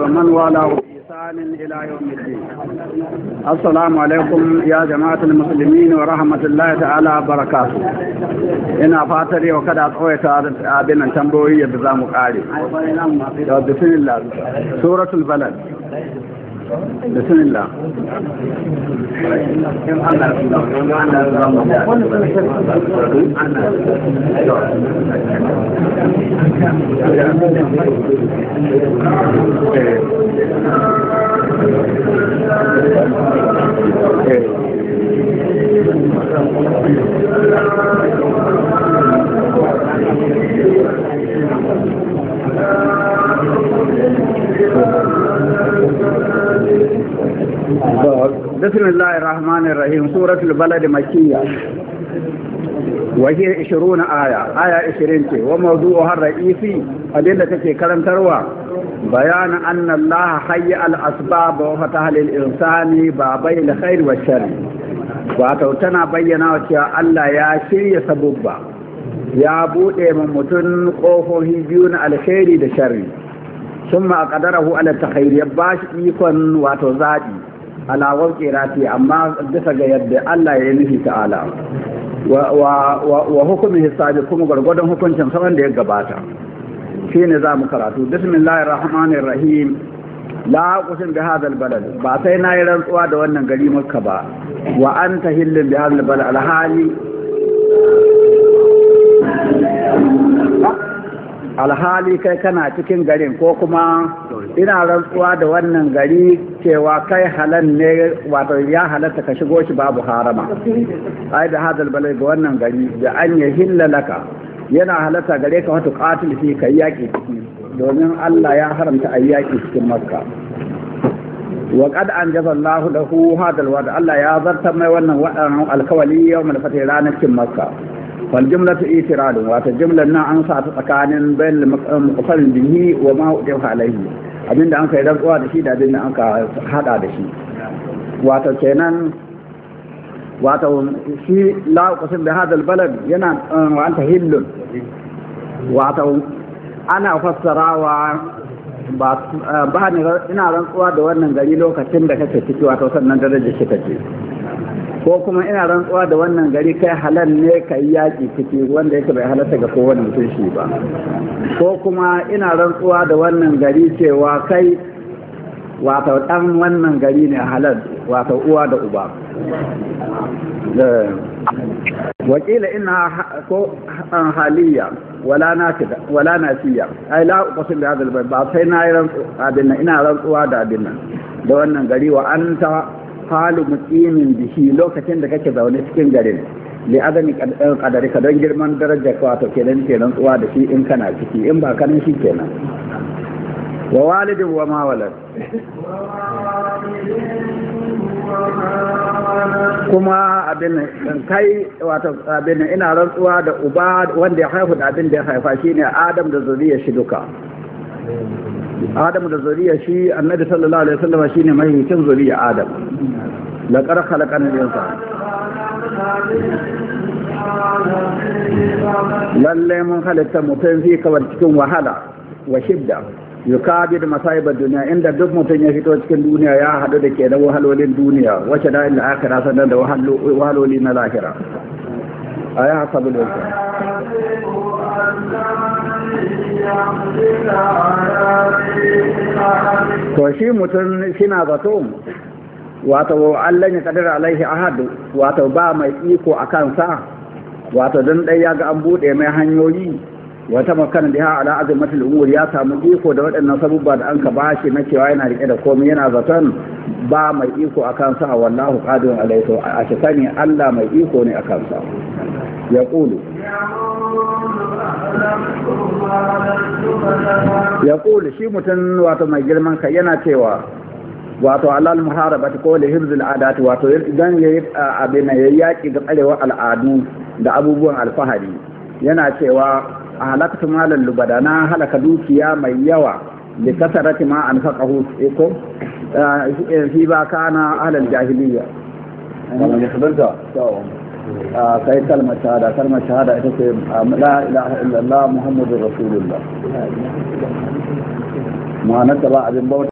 ومن والاه بإحسان إلى يوم الدين السلام عليكم يا جماعة المسلمين ورحمة الله تعالى وبركاته إن fatar وكذا kada tsawaita abin tambayoyi yadda za mu kare. Bismillah. Suratul بسم الله Thank you. بسم الله الرحمن الرحيم سورة البلد مكية وهي 20 آية آية 20 وموضوعها الرئيسي أدلة تكي كلام تروى بيان أن الله حي الأسباب وفتح للإنسان بابي الخير والشر وأتوتنا بينا وشاء الله يا شري سببا يا بوئي من متن قوفه بيون الخير دشري ثم أقدره على التخير يباش إيكون وتزادي alawar kirati amma bisa ga yadda Allah ya nufi ta'ala wa hukumin hisabi kuma gwargwadon hukuncin saman da ya gabata shi ne za mu karatu bismillahir rahmanir rahim la aqsim bi hadha balad ba sai na yi rantsuwa da wannan gari makka ba wa anta hillin bi hadha balad alhali alhali kai kana cikin garin ko kuma ina rantsuwa da wannan gari cewa kai halal ne wato ya halatta ka shigo shi babu harama ai da hadal balai ga wannan gari da an ya hillalaka yana halatta gare ka wato katil fi kai yaki ciki domin Allah ya haramta ayi yaki cikin makka wa qad anjaza Allah lahu hadal wa'd Allah ya zartar mai wannan alkawali yawmal fatih ranar cikin makka fal jumlatu itiradun wata jumlar nan an sa ta tsakanin bayan muqaffalin bihi wa ma udifa alaihi abinda an kai rantsuwa da shi da abinda an ka hada da shi wata kenan wata shi la qasim bi hadal balad yana um, wa anta hillun wata ana fassarawa ba uh, ina rantsuwa da wannan gari lokacin da kake ciki wato sannan daraja shi ce. ko kuma ina rantsuwa da wannan gari kai halal ne ka yi yaƙi ciki wanda yake bai halatta ga kowane mutum shi ba ko kuma ina rantsuwa da wannan gari cewa kai wato ɗan wannan gari ne halal wato uwa da uba eh, wakila ina ko an haliya wala na nasiya ai la uqsim bi hadha ba sai na yi rantsuwa ina rantsuwa da abin nan da wannan gari wa an ta. halu mutimin bihi lokacin da kake zaune cikin garin li adami eh, qadari ka don girman daraja ka wato kenan kenan tsuwa da shi in kana ciki in ba kanin shi kenan wa walidin wa ma walad kuma abin kai wato abin ina rantsuwa da uba wanda ya haifu da abin da ya haifa shine adam da zuriya shi duka adamu da zuriya shi annabi sallallahu alaihi wasallam shine mahaifin zuriya adam laqad khalaqana al-insana lalle mun halitta mutum fi kawar cikin wahala wa shidda yukadir masaibar duniya inda duk mutum ya fito cikin duniya ya haɗu da kenan wahalolin duniya wacce da inda akira sannan da wahaloli na lahira a ya hasabu da to shi mutum shina zato wato Allah ya kadar alaihi ahad, wato ba mai iko a kansa wato don ɗaya ya ga an buɗe mai hanyoyi wata makana da ya ala azimatul umur ya samu iko da waɗannan sabubba da an ka bashi na cewa yana rike da komai yana zaton ba mai iko a kansa wallahu qadirun alaihi to a shi sani Allah mai iko ne a kansa ya qulu ya kuli shi mutum wato mai girman kai yana cewa wato alal muharabati ko li hirzul adati wato idan yayi abin yayi yaki ga tsarewa al'adu da abubuwan alfahari yana cewa a halakta malan lubada na halaka dukiya mai yawa da kasarati ma an faka ko fi ba kana alal jahiliya آه، كي كلمة شهادة كلمة شهادة آه، لا إله إلا الله محمد رسول الله ما نتلاعب